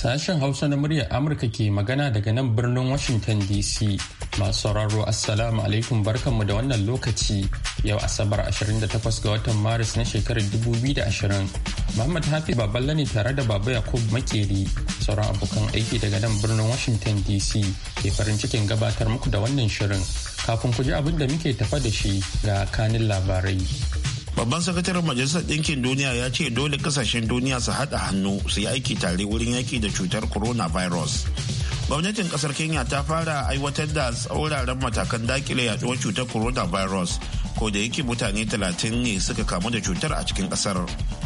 Sashen Hausa na muryar Amurka ke magana daga nan birnin Washington DC. Masu sauraro Assalamu alaikum barkanmu da wannan lokaci yau Asabar 28 ga watan Maris na shekarar 2020. Muhammad Hafi Baballa ne tare da Baba Yakub Makeri sauran abokan aiki daga nan birnin Washington DC ke farin cikin gabatar muku da wannan shirin. Kafin ku ji abin da muke tafa da shi ga kanin labarai. babban sakataren majalisar ɗinkin duniya ya ce dole kasashen duniya su haɗa hannu su yi aiki tare wurin yaki da cutar coronavirus gwamnatin ƙasar kenya ta fara aiwatar da tsauraran matakan dakile yaduwar cutar coronavirus ko da yake mutane 30 ne suka kamu da cutar a cikin ƙasar.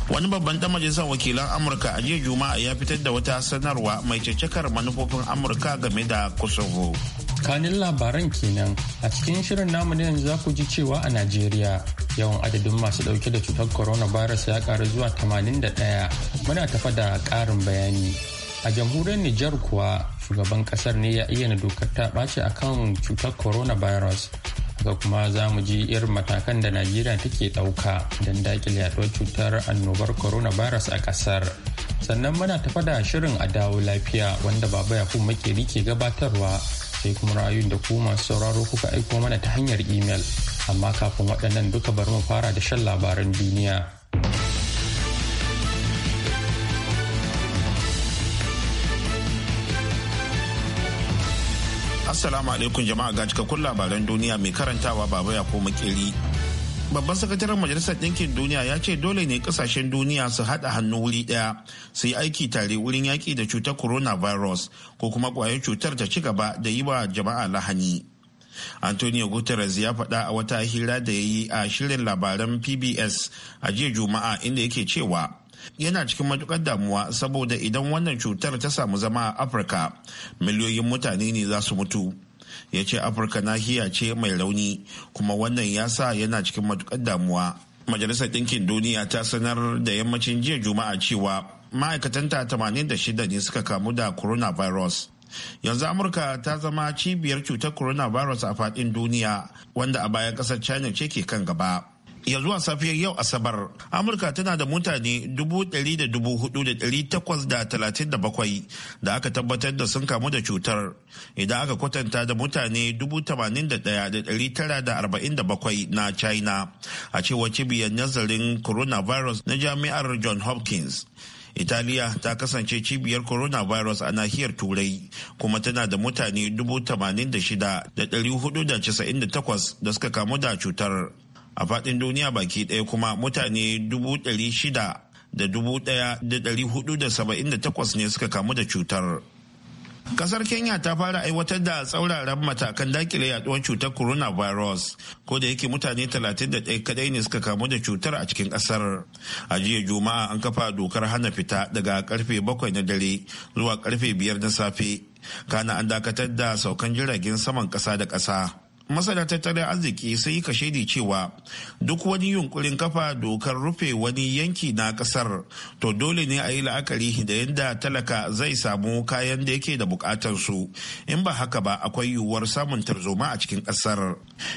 wani babban dan majalisar wakilan amurka a jiya juma'a ya fitar da wata sanarwa mai cakar manufofin amurka game da kosovo kanin labaran kenan a cikin shirin namu na yanzu za ku ji cewa a najeriya yawan adadin masu dauke da cutar coronavirus ya karu zuwa 81 muna tafa da karin bayani a jamhuriyar nijar kuwa shugaban kasar ne ya ayyana dokar ta ɓace akan cutar coronavirus haka kuma za mu ji irin matakan da najeriya take ɗauka don daƙile yaduwar cutar annobar coronavirus a ƙasar sannan muna tafa da shirin adawo lafiya wanda baba yakubu makeri ke gabatarwa sai kuma rayun da ku masu sauraro kuka aiko mana ta hanyar imel amma kafin waɗannan duka bari mu fara da shan labaran duniya Assalamu alaikum jama'a ga cikakkun labaran duniya mai karantawa baba ya ko makeri babban sakataren majalisar ɗinkin duniya ya ce dole ne ƙasashen duniya su haɗa hannu wuri ɗaya su yi aiki tare wurin yaƙi da cutar coronavirus ko kuma ƙwayar cutar ta ci gaba da yi wa jama'a lahani antonio guterres ya faɗa a wata hira da ya yi a shirin labaran pbs a jiya juma'a inda yake cewa yana cikin matukar damuwa saboda idan wannan cutar ta samu zama a afirka miliyoyin mutane ne za su mutu ya ce afirka nahiya ce mai launi kuma wannan ya sa yana cikin matukar damuwa majalisar ɗinkin duniya ta sanar da yammacin jiya juma'a cewa ma'aikatanta shida ne suka kamu da coronavirus yanzu amurka ta zama cibiyar cutar coronavirus a faɗin duniya wanda a bayan ƙasar china ce ke kan gaba ya zuwa safiyar yau asabar amurka tana da mutane dari da aka tabbatar da sun kamu da cutar idan aka kwatanta da mutane 81,947 na china a cewar cibiyar nazarin coronavirus na jami'ar john hopkins italiya ta kasance cibiyar coronavirus a nahiyar turai kuma tana da mutane 86,498 da suka kamu da cutar a faɗin duniya baki ɗaya kuma mutane dubu ɗari shida da dubu ɗaya da ɗari hudu da saba'in da takwas ne suka kamu da cutar. Kasar Kenya ta fara aiwatar da tsauraran matakan dakile yaduwar cutar coronavirus ko da yake mutane 31 kadai ne suka kamu da cutar a cikin kasar. A jiya Juma'a an kafa dokar hana fita daga karfe 7 na dare zuwa karfe 5 na safe. Kana an dakatar da saukan jiragen saman kasa da kasa. masana tattalin arziki sai ka shaidi cewa duk wani yunkurin kafa dokar rufe wani yanki na kasar to dole ne a yi la'akari da yadda talaka zai samu kayan da yake da bukatansu in ba haka ba akwai yiwuwar samun tarzoma a cikin kasar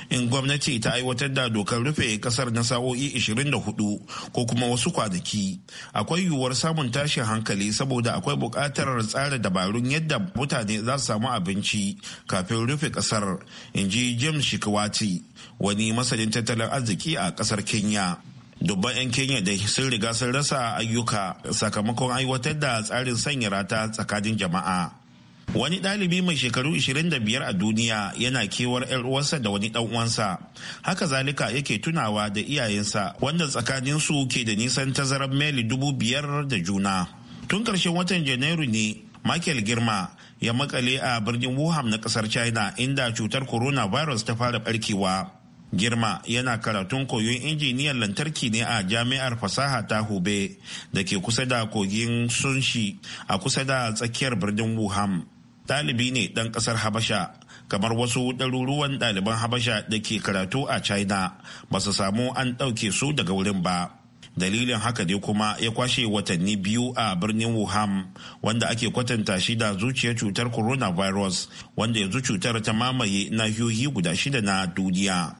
in gwamnati ta aiwatar da dokar rufe kasar na sa'o'i 24 ko kuma wasu kwanaki akwai yiwuwar samun tashin hankali saboda akwai buƙatar tsara dabarun yadda mutane za su samu abinci kafin rufe kasar in ji james shikwati wani masanin tattalin arziki a kasar kenya dubban 'yan kenya da sun riga sun rasa ayyuka sakamakon aiwatar da tsarin sanya rata tsakanin jama'a Wani ɗalibi mai shekaru 25 a duniya yana kewar 'yar uwarsa da wani ɗan uwansa. Haka zalika yake tunawa da iyayensa wanda tsakaninsu ke da nisan tazarar maili dubu biyar da juna. Tun ƙarshen watan Janairu ne Michael Girma ya makale a birnin Wuhan na ƙasar China inda cutar coronavirus ta fara ɓarkewa. Girma yana karatun koyon injiniyan lantarki ne a jami'ar fasaha ta Hubei da ke kusa da kogin Sunshi a kusa da tsakiyar birnin Wuhan. ɗalibi ne ɗan ƙasar habasha kamar wasu ɗaruruwan ɗaliban habasha da ke karatu a china ba su samu an ɗauke su daga wurin ba dalilin haka ne kuma ya kwashe watanni biyu a birnin wuhan wanda ake kwatanta shi da zuciyar cutar coronavirus wanda yanzu cutar ta mamaye nahiyoyi guda shida na duniya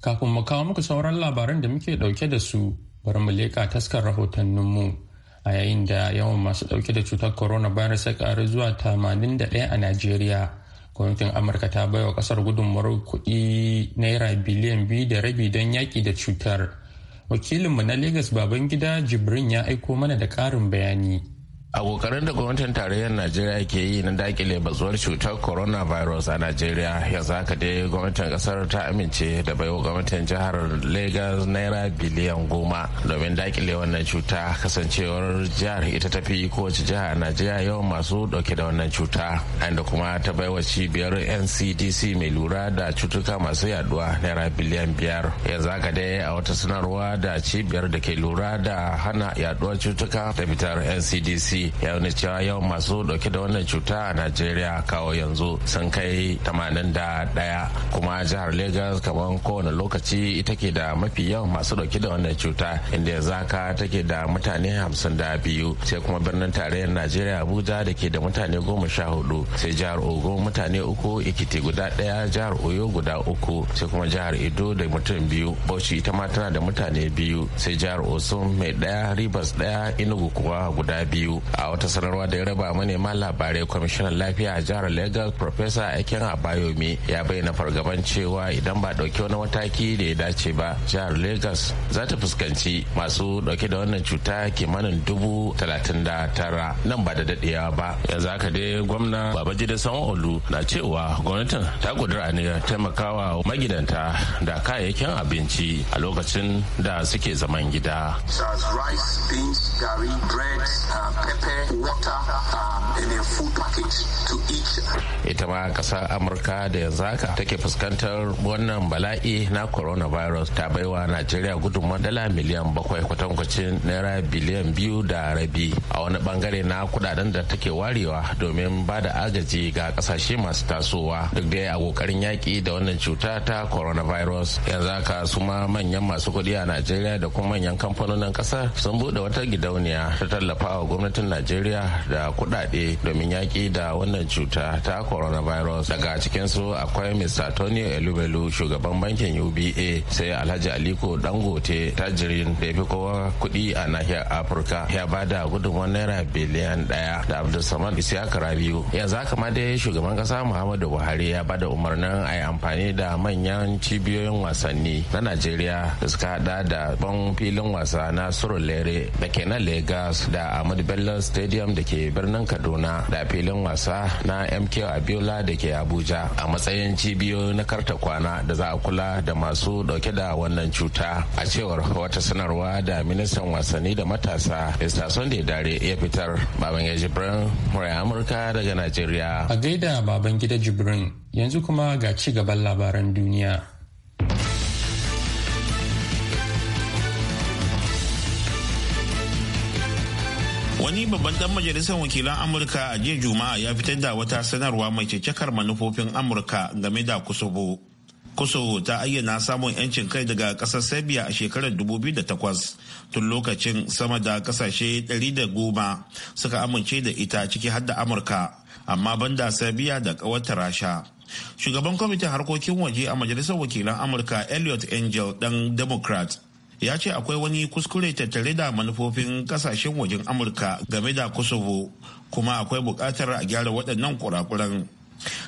kafin mu kawo muku sauran labaran da muke dauke da su bari mu leka taskar rahotanninmu. mu a yayin da yawan masu ɗauke da cutar coronavirus ya ƙaru zuwa 81 a Najeriya. Gwamnatin Amurka ta baiwa ƙasar gudunmawar kuɗi naira biliyan biyu da rabi don yaƙi da cutar. Wakilinmu na Legas Babangida Jibrin ya aiko mana da ƙarin bayani. a kokarin da gwamnatin tarayyar najeriya ke yi na dakile bazuwar cutar coronavirus a najeriya yanzu haka dai gwamnatin kasar ta amince da baiwa gwamnatin jihar lagos naira biliyan goma domin dakile wannan cuta kasancewar jihar ita tafi kowace jiha a najeriya yawan masu dauke da wannan cuta inda kuma ta baiwa cibiyar ncdc mai lura da cutuka masu yaduwa naira biliyan biyar yanzu haka dai a wata sanarwa da cibiyar da ke lura da hana yaduwar cutuka ta fitar ncdc ya cewa yawan masu dauke da wannan cuta a najeriya kawo yanzu sun kai 81 kuma jihar lagos kamar kowane lokaci ita ke da mafi yawan masu dauke da wannan cuta inda yanzu haka take da mutane 52 sai kuma birnin tarayyar najeriya abuja da ke da mutane 14 sai jihar ogun mutane uku ikiti guda daya jihar oyo guda uku sai kuma jihar edo da mutum biyu bauchi ita ma tana da mutane biyu sai jihar osun mai daya ribas daya inugu kuwa guda biyu a wata sanarwa da ya raba manema labarai kwamishinan lafiya a jihar lagos professor aiken abayomi ya bayyana fargaban cewa idan ba dauke wani mataki da ya dace ba jihar lagos za ta fuskanci masu dauke da wannan cuta kimanin dubu talatin da tara nan ba da dadewa ba yanzu haka dai gwamna babajide sanwa olu na cewa gwamnatin ta kudura aniyar taimakawa magidanta da kayayyakin abinci a lokacin da suke zaman gida. ita ma ƙasar amurka da yanzu haka take fuskantar wannan bala'i na coronavirus ta baiwa najeriya gudunmawar dala miliyan bakwai kwatankwacin naira biliyan biyu da rabi a wani bangare na kudaden da take warewa domin ba da agaji ga kasashe masu tasowa duk da a kokarin yaki da wannan cuta ta coronavirus yanzu haka su ma manyan masu kuɗi a najeriya da kuma manyan kamfanonin ƙasar sun buɗe wata gidauniya ta tallafa wa gwamnatin najeriya da kudade domin yaki da wannan cuta ta coronavirus daga cikin cikinsu akwai mr tony elubelu shugaban bankin uba sai alhaji aliko dangote tajirin da ya fi kowa kudi a nahiyar afirka ya ba da gudunmawar naira biliyan daya da abdulsamad isiyaka rabiu yanzu haka ma dai shugaban kasa muhammadu buhari ya ba da umarnin a yi amfani da manyan cibiyoyin wasanni na najeriya da suka hada da ban filin wasa na surulere da kenan na lagos da ahmadu bello abiola stadium da ke birnin kaduna da filin wasa na mk abiola da ke abuja a matsayin cibiyo na karta kwana da za a kula da masu dauke da wannan cuta a cewar wata sanarwa da ministan wasanni da matasa mr sunday dare ya fitar baban ya jibrin murai amurka daga najeriya a gaida baban gida jibrin yanzu kuma ga ci gaban labaran duniya wani babban dan majalisar wakilan amurka a jiya juma'a ya fitar da wata sanarwa mai cikakkar manufofin amurka game da kosovo kosovo ta ayyana samun 'yancin kai daga kasar serbia a shekarar 2008 tun lokacin sama da kasashe 110 suka amince da ita ciki har da amurka amma banda serbia da kawatar rasha shugaban kwamitin harkokin waje a majalisar wakilan amurka elliot angel dan democrat ya ce akwai wani kuskure tattare da manufofin kasashen wajen amurka game da kosovo kuma akwai buƙatar a gyara waɗannan kurakuran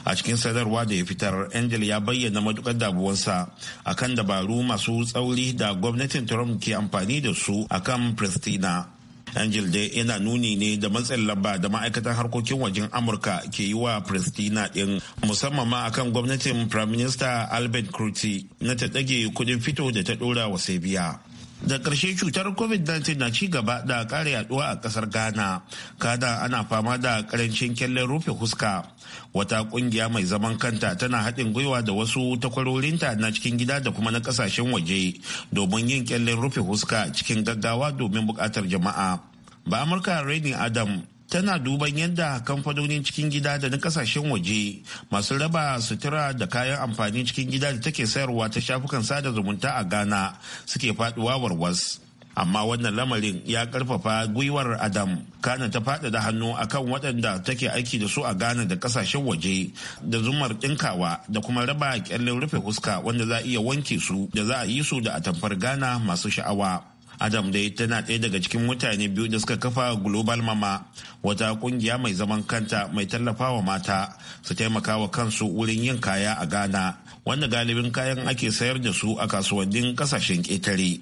a cikin sadarwa da ya fitar angel ya bayyana matukar damuwarsa akan dabaru masu tsauri da gwamnatin trump ke amfani da su akan pristina angel dai yana nuni ne da matsin lamba da ma'aikatan harkokin wajen amurka ke yi wa pristina din musamman ma akan gwamnatin prime minister albert kurti na ta ɗage kuɗin fito da ta ɗora wa sebiya da ƙarshe cutar covid-19 na ci gaba da ƙara yaduwa a ƙasar ghana kada ana fama da ƙarancin kyallen rufe huska wata ƙungiya mai zaman kanta tana haɗin gwiwa da wasu takwarorinta na cikin gida da kuma na ƙasashen waje domin yin kyallen rufe huska cikin gaggawa domin buƙatar jama'a ba amurka rainy adam tana duban yadda kamfanonin cikin gida da na kasashen waje masu raba sutura da kayan amfani cikin gida da take sayarwa ta shafukan sada zumunta a ghana suke faduwa warwas amma wannan lamarin ya karfafa gwiwar adam kana ta da hannu akan waɗanda take aiki da su a ghana da kasashen waje da zumar ɗinkawa da kuma raba ƙyallen rufe huska wanda za a iya wanke su da za a yi su da atamfar ghana masu sha'awa Adam dai tana ɗaya daga cikin mutane biyu da suka kafa Global Mama wata kungiya mai zaman kanta mai tallafawa mata su taimakawa kansu wurin yin kaya a Ghana wanda galibin kayan ake sayar da su a kasuwannin kasashen ƙetare.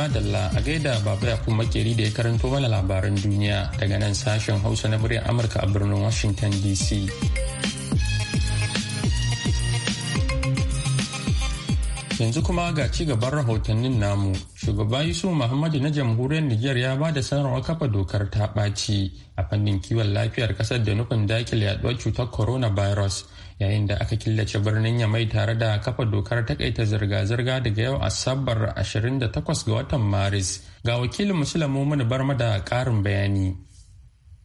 madalla a gaida baba ya makeri da ya karanto mana labaran duniya daga nan sashen hausa na muryar amurka a birnin washington dc yanzu kuma ga ci gaban rahotannin namu shugaba yusuf muhammadu na jamhuriyar nijar ya ba da sanarwar kafa dokar ta ɓaci a fannin kiwon lafiyar ƙasar da nufin dakile yaduwar cutar coronavirus yayin da aka killace birnin yamai tare da kafa dokar takaita zirga-zirga daga yau asabar 28 ga watan maris ga wakilin musulmi mun barma da karin bayani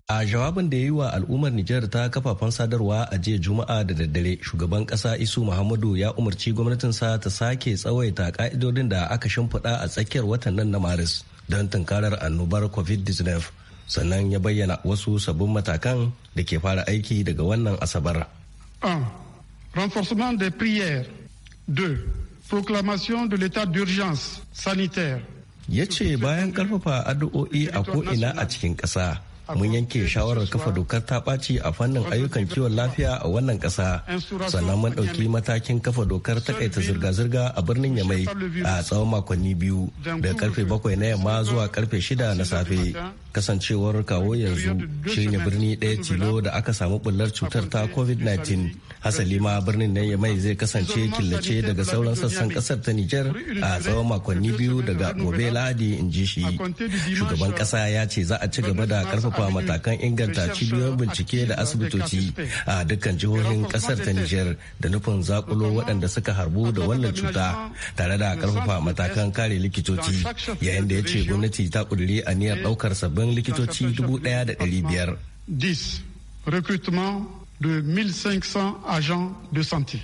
a jawabin da ya yi wa al'ummar nijar ta kafafen sadarwa a jiya juma'a da daddare shugaban kasa isu muhammadu ya umarci gwamnatinsa ta sake tsawaita ka'idodin da aka shimfiɗa a tsakiyar watan nan na maris don tunkarar annobar covid-19 sannan ya bayyana wasu sabbin matakan da ke fara aiki daga wannan asabar 1. Renforcement des prières. 2. Proclamation de l'état d'urgence sanitaire. Ya ce bayan karfafa addu'o'i a ko'ina a cikin ƙasa, mun yanke shawarar kafa dokar ta ɓaci a fannin ayyukan kiwon lafiya a wannan ƙasa, sannan mun ɗauki matakin kafa dokar takaita zirga-zirga a birnin Yamai a tsawon makonni biyu, daga karfe bakwai na yamma zuwa karfe shida na safe. kasancewar kawo yanzu shine birni ɗaya tilo da aka samu bullar cutar ta covid-19 hasali ma birnin nan ya mai zai kasance killace daga sauran sassan kasar ta niger a tsawon makonni biyu daga gobe lahadi in ji shi shugaban kasa ya ce za a ci gaba da karfafa matakan inganta cibiyoyin bincike da asibitoci a dukkan jihohin kasar ta niger da nufin zakulo waɗanda suka harbu da wannan cuta tare da karfafa matakan kare likitoci yayin da ya ce gwamnati ta a aniyar ɗaukar sabbin neman likitoci 1,500. Recrutement de 1,500 agents de santé.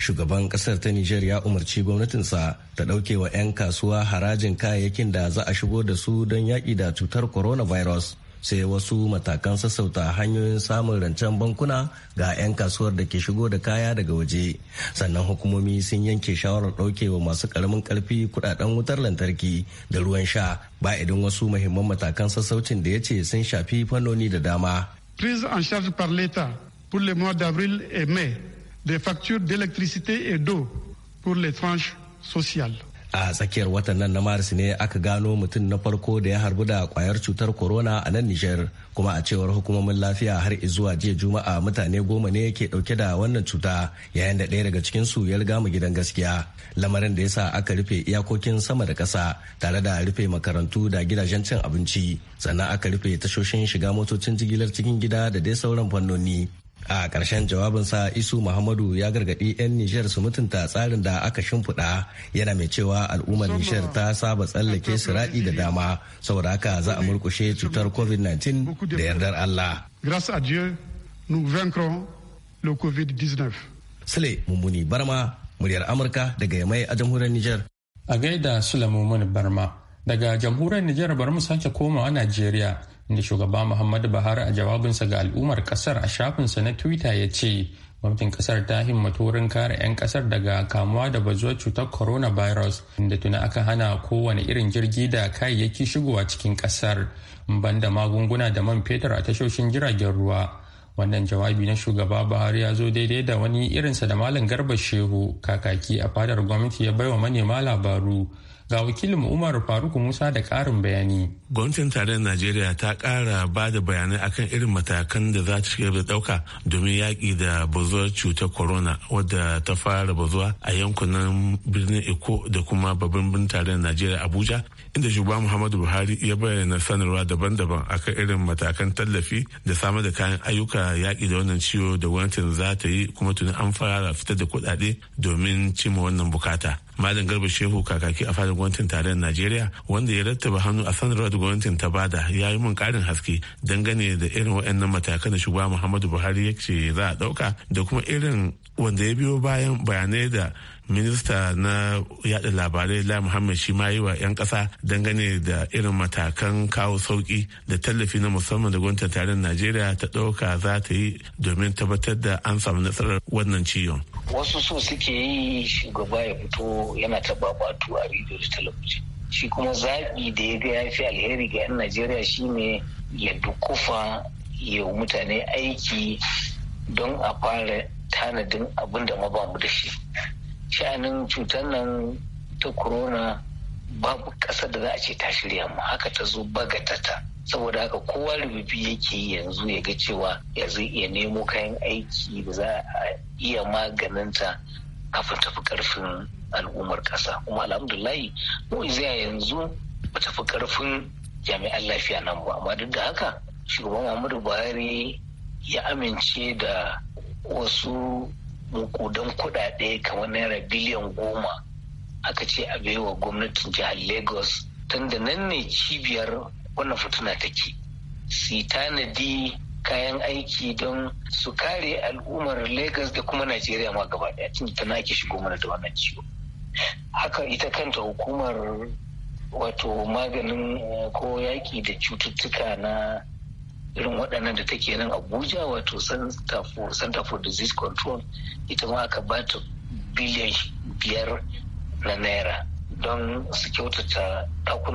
shugaban kasar ta Nijar ya umarci gwamnatinsa ta ɗauke wa 'yan kasuwa harajin kayayyakin da za a shigo da su don yaƙi da cutar coronavirus sai wasu matakan sassauta hanyoyin samun rancen bankuna ga 'yan kasuwar da ke shigo da kaya daga waje sannan hukumomi sun yanke shawarar wa masu karamin karfi kudaden wutar lantarki da ruwan sha ba idan wasu mahimman matakan sassaucin da ya ce sun shafi fannoni da dama. prise en charge par pour les mois d'avril et mai des factures d'électricité et d'eau pour les tranches sociales. a tsakiyar watan nan na maris ne aka gano mutum na farko da ya harbu da kwayar cutar corona a nan nijar kuma a cewar hukumomin lafiya har izuwa jiya juma'a mutane goma ne ke dauke da wannan cuta yayin da ɗaya daga cikin su ya riga mu gidan gaskiya lamarin da ya sa aka rufe iyakokin sama da ƙasa tare da rufe makarantu da gidajen cin abinci sannan aka rufe tashoshin shiga motocin jigilar cikin gida da dai sauran fannoni a ƙarshen jawabinsa isu muhammadu ya gargaɗi 'yan nijar su mutunta tsarin da aka shimfiɗa yana mai cewa al'ummar nijar ta saba tsallake raɗi da dama saboda haka za a murkushe cutar covid-19 da yardar allah grâce à dieu nous vaincrons le covid-19 sule mummuni barma muryar amurka daga yamai a jamhuriyar nijar a gaida sule mummuni barma daga jamhuriyar nijar bari mu sake komawa najeriya inda shugaba muhammadu buhari a jawabinsa ga al'ummar kasar a shafinsa na twitter ya ce gwamnatin kasar ta himmatu wurin kare 'yan kasar daga kamuwa da bazuwar cutar coronavirus inda tuna aka hana kowane irin jirgi da kayayyaki shigowa cikin kasar banda magunguna da man fetur a tashoshin jiragen ruwa wannan jawabi na shugaba buhari ya zo daidai da wani irinsa da malam garba shehu kakaki a fadar gwamnati ya baiwa manema labaru ga wakilin umar faruk musa da karin bayani gwamnatin tarayyar najeriya ta kara ba da bayanai akan irin matakan da za ta shirya da dauka domin yaƙi da bazuwar cutar corona wadda ta fara bazuwa a yankunan birnin eko da kuma babban birnin tarayyar najeriya abuja inda shugaba muhammadu buhari ya bayyana sanarwa daban-daban akan irin matakan tallafi da samar da kayan ayyuka yaƙi da wannan ciwo da gwamnatin za ta yi kuma tuni an fara fitar da kuɗaɗe domin cimma wannan bukata malam garba shehu kakaki a fadar gwamnatin tarayyar najeriya wanda ya rattaba hannu a sanarwar da gwamnatin ta bada ya yi mun karin haske dangane da irin waɗannan matakan da shugaba muhammadu buhari ya ce za a ɗauka da kuma irin wanda ya biyo bayan bayanai da minista na yada labarai la muhammad shi ma yi wa 'yan kasa dangane da irin matakan kawo sauki da tallafi na musamman da gwamnatin tarayyar najeriya ta ɗauka za ta yi domin tabbatar da an samu nasarar wannan ciwon wasu so suke yi shugaba ya fito yana taba batu a rediyo da talabijin shi kuma zaɓi da ya ga ya fi alheri ga 'yan najeriya shine ya dukufa ya mutane aiki don a fara tanadin abin da ma bamu da shi sha'anin cutar nan ta corona babu ƙasar da za a ce ta shirya mu haka ta zo bagatata saboda haka kowa rububi yake yi yanzu ya ga cewa ya iya nemo kayan aiki da za a iya maganinta kafin tafi karfin al'ummar ƙasa kuma alhamdulahi mu zai yanzu ba tafi karfin jami'an lafiya nan ba amma duk da haka shugaban muhammadu buhari ya amince da wasu mukudan kuɗaɗe kamar naira biliyan goma aka ce a baiwa gwamnatin jihar lagos tun da nan ne cibiyar wannan fituna take su tanadi kayan aiki don su kare al'ummar lagos da kuma najeriya ma gaba daya tun tana ake shigo mana da wannan ciwo haka ita kanta hukumar wato maganin eh, ko yaƙi da cututtuka na irin waɗannan da take nan abuja wato center for disease control ita ma aka bata biliyan biyar na naira don su kyautata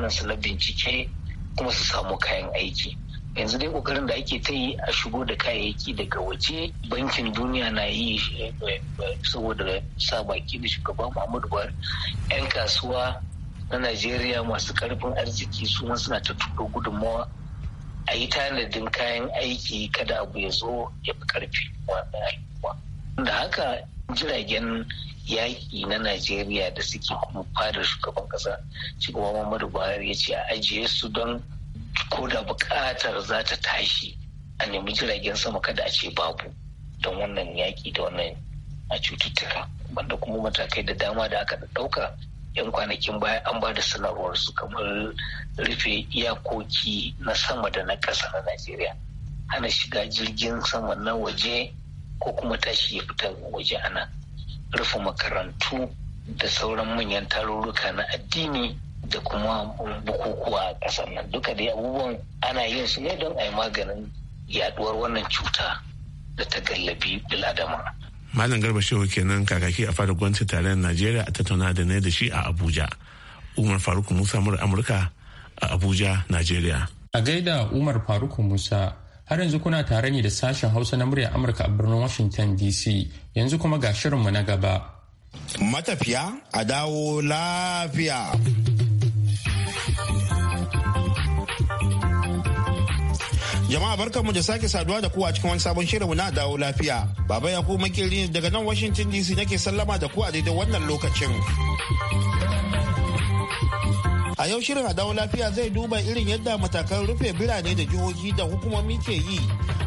su na bincike kuma su samu kayan aiki yanzu dai kokarin da ake ta yi a shigo da kayayyaki daga waje bankin duniya na yi eh, eh, saboda sa baki da shugaban muhammadu buhari 'yan kasuwa na najeriya masu karfin arziki su suna ta turo gudunmawa a yi tanadin kayan aiki kada abu ya zo ya fi karfi da haka jiragen yaƙi na najeriya da suke kuma fadar shugaban ƙasa shugaban muhammadu buhari ya ce a ajiye su don ko da buƙatar za ta tashi a nemi jiragen sama kada a ce babu don wannan yaƙi da wannan a cututtuka wanda kuma matakai da dama da aka ɗauka yan kwanakin baya an ba da sanarwar su kamar rufe iyakoki na sama da na ƙasa na najeriya hana shiga jirgin sama na waje ko kuma tashi ya fita waje a nan. rufe makarantu da sauran manyan tarurruka na addini da kuma bukukuwa a ƙasar nan duka dai abubuwan ana yin su ne don a yi maganin yaduwar wannan cuta da ta gallabi biladama. Malam Garba Shehu kenan kakaki a fadar gwamnati tarayyar Najeriya a tattauna da ne da shi a Abuja. Umar Faruk Musa mura Amurka a Abuja, Najeriya. A gaida Umar Faruk Musa har yanzu kuna tare ne da sashen hausa na murya amurka a birnin washington dc yanzu kuma ga shirinmu na gaba matafiya a dawo lafiya jama'a barkanmu da sake saduwa da kowa cikin wani sabon shirinmu na dawo lafiya baba ya ku makeri daga nan washington dc nake sallama da ku a daidai wannan lokacin A yau shirin adawo lafiya zai duba irin yadda matakan rufe birane da jihohi da hukumomi ke yi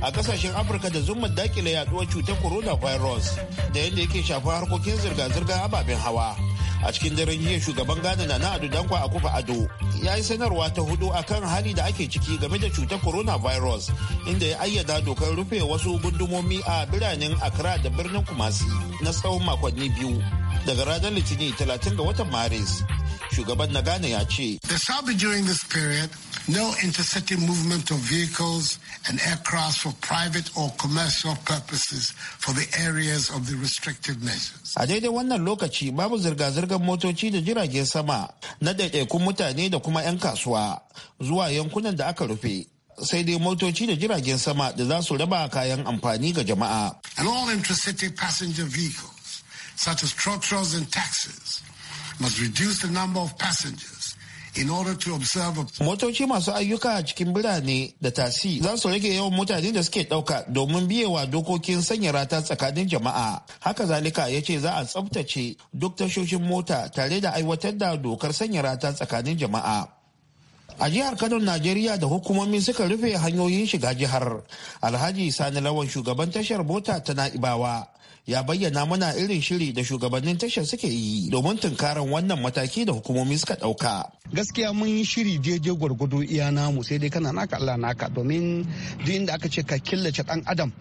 a kasashen Afirka da zumman dakile yaduwar cutar virus. da yadda yake shafar harkokin zirga-zirgar ababen hawa. A cikin daren jiya shugaban Ghana na na Ado Dankwa a kufa Ado ya yi sanarwa ta hudu a kan hali da ake ciki game da cutar corona virus inda ya ayyada dokar rufe wasu gundumomi a biranen Accra da birnin Kumasi na tsawon makonni biyu daga ranar Litini, 30 ga watan Maris. Shugaban na Ghana ya ce. The summit during this period no intercepting movement of vehicles and aircrafts for private or commercial purposes for the areas of the restricted measures. A daidai wannan lokaci babu zirga-zirgar motoci da jiragen sama na ɗaiɗaikun mutane da kuma 'yan kasuwa zuwa yankunan da aka rufe. sai dai motoci da jiragen sama da za su raba kayan amfani ga jama'a. And all intercity passenger vehicles such as truck and taxis must reduce the number of passengers in order to observe motoci masu ayyuka a cikin birane da tasi za su rage yawan mutane da suke ɗauka domin biyewa dokokin sanya rata tsakanin jama'a haka zalika ya ce za a tsabtace duk tashoshin mota tare da aiwatar da dokar sanya rata tsakanin jama'a a jihar kano najeriya da hukumomi suka rufe hanyoyin shiga jihar alhaji sani lawan shugaban tashar mota ta na'ibawa ya bayyana mana irin shiri da shugabannin tashar suke yi domin tunkarar wannan mataki da hukumomi suka ɗauka. Gaskiya mun yi shiri daidai gwargwado iya namu sai dai kana naka Allah naka domin duk inda aka ce ka killace ɗan adam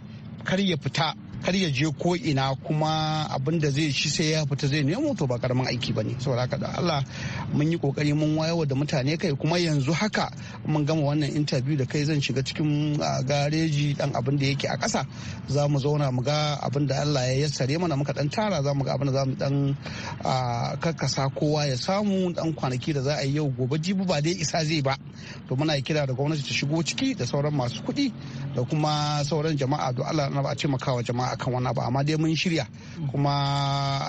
kar ya fita kar ya je ko ina kuma abin da zai ci sai ya fita zai nemo to ba karamin aiki bane saboda haka da Allah mun yi kokari mun wayo da mutane kai kuma yanzu haka mun gama wannan interview da kai zan shiga cikin gareji dan abin da yake a ƙasa za mu zauna mu ga abin da Allah ya yassare mana muka dan tara za mu ga abin da za mu dan karkasa kowa ya samu dan kwanaki da za a yi yau gobe jibi ba dai isa zai ba to muna kira da gwamnati ta shigo ciki da sauran masu kuɗi da kuma sauran jama'a do Allah na ba a taimakawa jama'a akan wani abu amma dai mun shirya kuma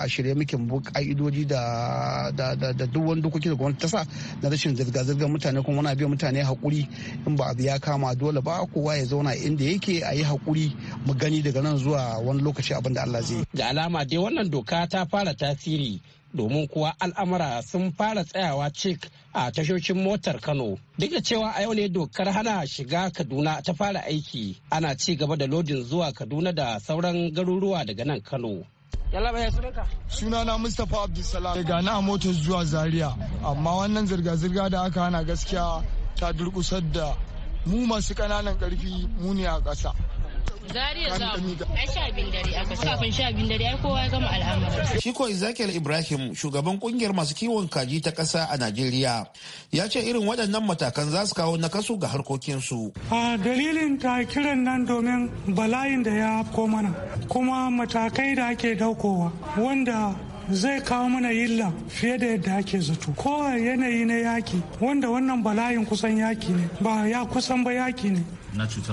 a shirya muke bu ka'idoji da duk wani dokoki da gwamnati ta sa na rashin zirga-zirgar mutane kuma muna biyan mutane hakuri in ba abu ya kama dole ba kowa ya zauna inda yake a yi hakuri mu gani daga nan zuwa wani lokaci abin da Allah zai yi. Da alama dai wannan doka ta fara tasiri domin kuwa al'amura sun fara tsayawa cik a tashoshin motar kano duk da cewa a yau ne dokar hana shiga kaduna ta fara aiki ana ci gaba da lodin zuwa kaduna da sauran garuruwa daga nan kano sunana mustapha abdulsalam daga na motar zuwa zaria amma wannan zirga-zirga da aka hana gaskiya ta durkusar da mu masu ƙananan ƙarfi mu ne a ƙasa ya gama Shi ko Ezekiel Ibrahim shugaban kungiyar masu kiwon kaji ta ƙasa a Najeriya ya ce irin waɗannan matakan za su kawo nakasu ga harkokinsu. A dalilin ta kiran nan domin bala'in da ya afko mana kuma matakai da ake daukowa wanda zai kawo mana yilla fiye da yadda ake zato ko yanayi na yaki wanda wannan bala'in kusan yaki ne ba ya kusan ba yaki ne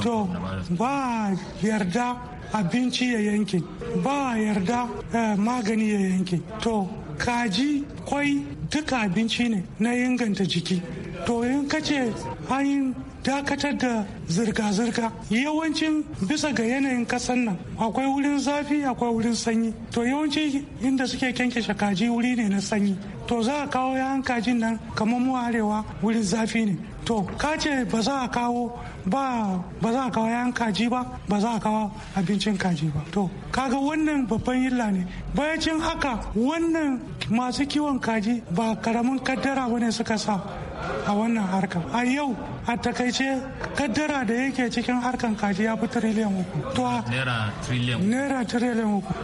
to ba yarda abinci ya yanke ba yarda eh, magani ya yanke to kaji kwai duka abinci ne na inganta jiki to in kace an dakatar da zirga-zirga yawancin bisa ga yanayin kasan nan akwai wurin zafi akwai wurin sanyi to yawanci inda suke kyankyashe kaji wuri ne na sanyi to za a kawo yayan kajin nan kamar mu arewa wurin zafi ne to ka ba za a kawo ba ba za a kawo yan kaji ba ba za a kawo abincin kaji ba to kaga wannan babban yilla ne bayacin haka wannan masu kiwon kaji ba karamin kaddara bane suka sa a wannan harka a yau a takaice kaddara da yake cikin harkan kaji ya fi triliyan uku to naira triliyan uku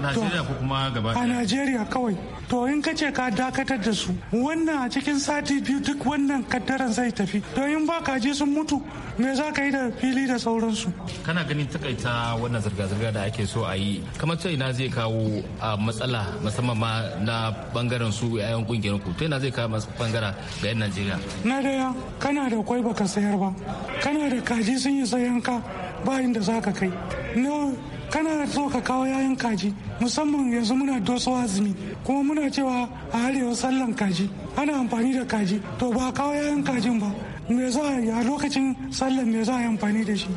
a najeriya kawai to in ka ce ka dakatar da su wannan a cikin sati biyu duk wannan kaddaran zai tafi to in ba kaji sun mutu me za ka yi da fili da sauransu kana ganin takaita wannan zirga-zirga da ake so a yi kamar ta ina zai kawo matsala musamman ma na bangaren su 'ya'yan kungiyar ku ta ina zai kawo bangara ga 'yan najeriya na daya kana da kwai baka saya bayar ba kana da kaji sun yi sayanka ba da za ka kai na kana so ka kawo yayan kaji musamman yanzu muna doso azumi kuma muna cewa a arewa sallan kaji ana amfani da kaji to ba kawo yayan kajin ba me za a lokacin sallan me za a yi amfani da shi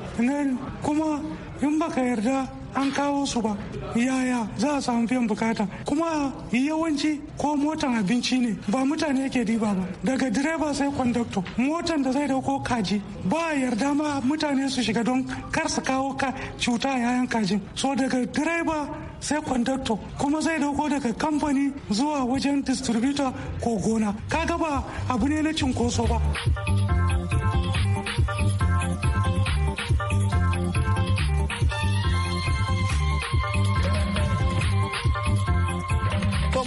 kuma in baka yarda an kawo su ba yaya za a samu biyan bukata kuma yawanci ko motan abinci ne ba mutane ke riba ba daga direba sai kwandakto motan da zai dauko kaji ba yarda ma mutane su shiga don kar su kawo ka cuta yayan kajin so daga direba sai kwandakto kuma zai dauko daga kamfani zuwa wajen distributor ko gona kaga ba abu ne na cinkoso ba.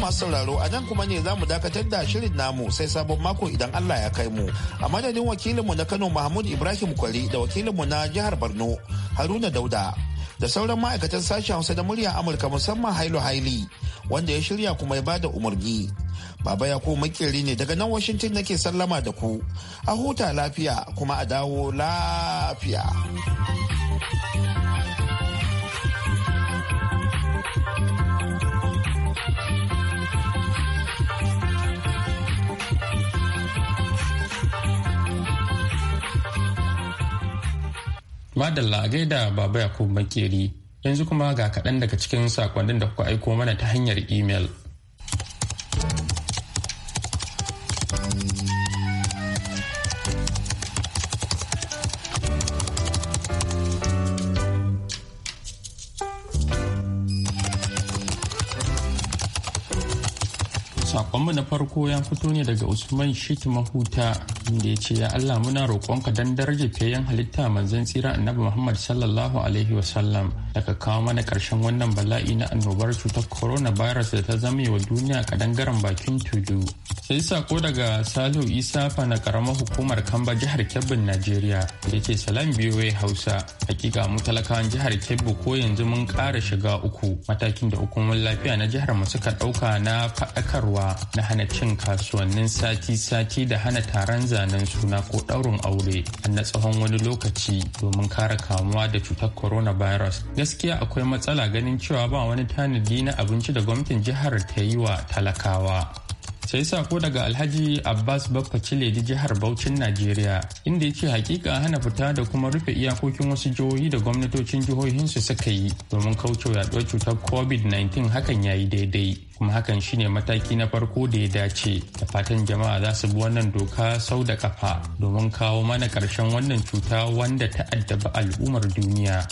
masu sauraro a nan kuma ne za mu dakatar da shirin namu sai sabon mako idan Allah ya kai mu. A madadin wakilinmu na Kano Mahmud Ibrahim Kwari da wakilinmu na jihar Borno Haruna Dauda. Da sauran ma'aikatan sashen Hausa da muryar Amurka musamman Hailu Haili wanda ya shirya kuma ya bada umarni. Baba ya ko makeri ne daga nan Washington nake sallama da ku. A huta lafiya kuma a dawo lafiya. Madalla a gaida Baba Yakubu Makeri yanzu kuma ga kaɗan daga cikin sakonnin da kuka aiko mana ta hanyar imel. Sakonmu na farko ya fito ne daga Usman Shit Mahuta inda ya ce ya Allah muna roƙonka don darajar fiyayyen halitta manzon tsira annabi Muhammad sallallahu alaihi wasallam daga kawo mana ƙarshen wannan bala'i na annobar cutar coronavirus da ta zame wa duniya kadangaren bakin tudu. Sai sako daga Salihu Isa na karamar hukumar Kamba jihar Kebbin Najeriya da ce salam biyoyi Hausa hakika mu talakawan jihar Kebbi ko yanzu mun ƙara shiga uku matakin da hukumar lafiya na jihar mu suka ɗauka na faɗakarwa na hana cin kasuwannin sati-sati da hana taron zanen suna ko ɗaurin aure na tsawon wani lokaci domin kare kamuwa da cutar coronavirus gaskiya akwai matsala ganin cewa ba wani tanadi na abinci da gwamnatin jihar ta yi wa talakawa sai sako daga alhaji abbas bakwa da jihar Bauchin najeriya inda ya ce hakika hana fita da kuma rufe iyakokin wasu jihohi da gwamnatocin jihohinsu suka yi domin kauce yaduwar cutar covid-19 hakan ya yi daidai kuma hakan shine mataki na farko da ya dace da fatan jama'a za su bi wannan doka sau da kafa domin kawo mana karshen wannan cuta wanda ta addaba al'ummar duniya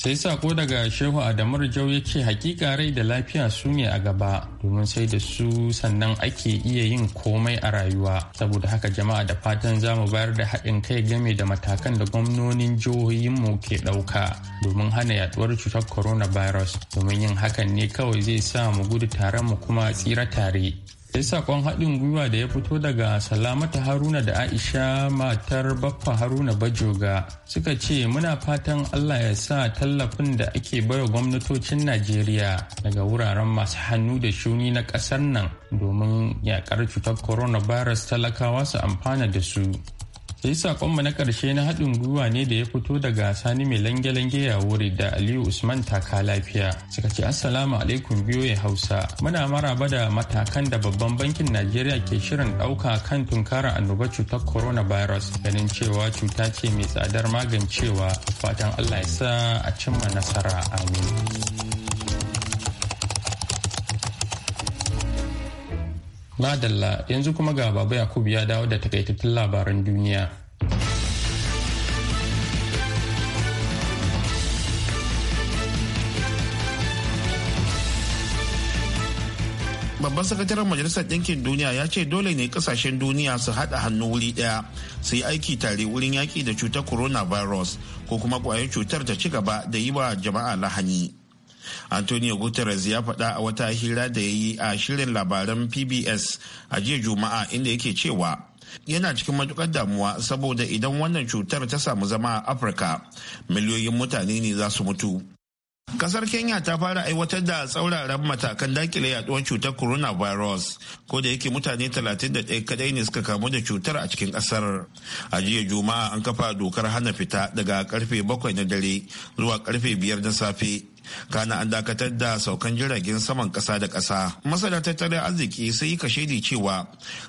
sai sako daga shehu adamar jau ya ce hakika rai da lafiya su ne a gaba domin sai da su sannan ake iya yin komai a rayuwa saboda haka jama'a da fatan za mu bayar da haɗin kai game da matakan da gwamnonin jihohinmu ke ɗauka domin hana yaduwar cutar coronavirus domin yin hakan ne kawai zai sa mu gudu tare mu kuma tsira tare sai sakon haɗin gwiwa da ya fito daga salamata haruna da aisha matar baffa haruna bajoga suka ce muna fatan allah ya sa tallafin da ake baiwa gwamnatocin najeriya daga wuraren masu hannu da shuni na ƙasar nan domin yakar cutar coronavirus talakawa su amfana da su sai sakonmu na karshe na haɗin gwiwa ne da ya fito daga sani mai lange-lange ya wuri da aliyu usman taka lafiya suka ce assalamu alaikum biyoyi hausa muna maraba da matakan da babban bankin najeriya ke shirin ɗauka kan tunkara annoba cutar coronavirus ganin cewa cuta ce mai tsadar magancewa fatan allah ya sa a cimma nasara amin Ladalla yanzu kuma ga Baba Yakubu ya dawo da takaitattun labaran duniya. Babban sakataren Majalisar Ɗinkin Duniya ya ce dole ne ƙasashen duniya su haɗa hannu wuri ɗaya su yi aiki tare wurin yaƙi da cutar coronavirus ko kuma ƙwayar cutar ta ci gaba da yi wa jama'a lahani. antonio guterres ya faɗa a wata hira da ya yi a shirin labaran pbs a jiya juma'a inda yake cewa yana cikin matukar damuwa saboda idan wannan cutar ta samu zama a afirka miliyoyin mutane ne za su mutu kasar kenya ta fara aiwatar da tsauraran matakan dakile yaduwar cutar coronavirus ko da yake mutane 31 kadai ne suka kamu da cutar a cikin kasar a jiya juma'a an kafa dokar hana fita daga karfe 7 na dare zuwa karfe 5 na safe kana an dakatar da saukan jiragen saman kasa da kasa masana tattalin arziki sai ka shaidi cewa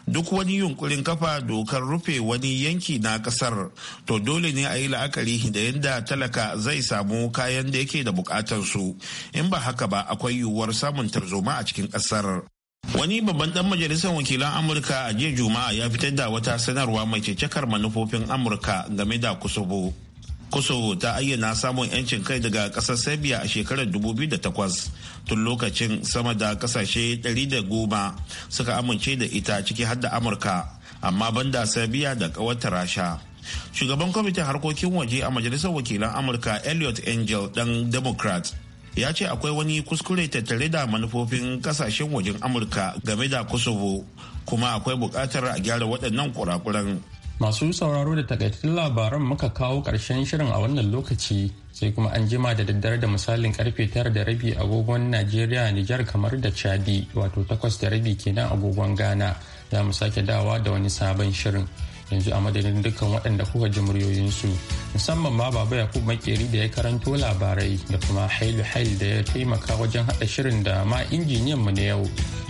duk wani yunkurin kafa dokar rufe wani yanki na kasar to dole ne a yi la'akari da yadda talaka zai samu kayan da yake da bukatar su in ba haka ba akwai yiwuwar samun tarzoma a cikin kasar Wani babban dan majalisar wakilan Amurka a jiya Juma'a ya fitar da wata sanarwa mai cecekar manufofin Amurka game da kusubo. kosovo ta ayyana samun 'yancin kai daga kasar serbia a shekarar 2008 tun lokacin sama da ƙasashe 110 suka amince da ita ciki har da amurka amma banda serbia da ƙawarta rasha shugaban kwamitin harkokin waje a majalisar wakilan amurka elliot angel dan democrat ya ce akwai wani kuskure tattare da manufofin kasashen wajen amurka game da kosovo kuma akwai bukatar a gyara waɗannan kurakuran Masu sauraro da takaitattun labaran muka kawo ƙarshen shirin a wannan lokaci sai kuma an jima da daddare da misalin karfe tara da rabi agogon Najeriya Nijar kamar da Chadi wato takwas da rabi kenan agogon Ghana za mu sake dawa da wani sabon shirin. yanzu a madadin dukkan waɗanda kuka ji muryoyinsu musamman ma baba yakub makeri da ya karanto labarai da kuma hailu hail da ya taimaka wajen haɗa shirin da ma injiniyan mu na yau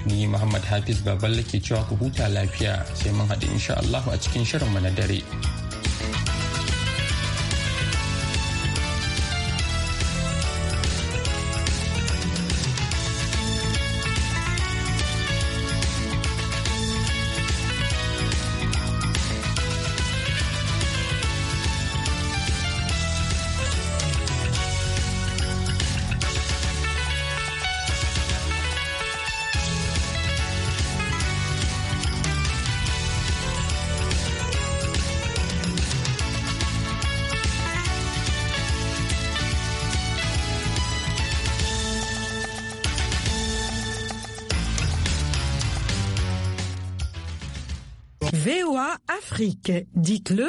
ni Muhammad Hafiz Baballe ke cewa ku huta lafiya sai mun haɗu insha Allah a cikin shirinmu na dare. dites-le.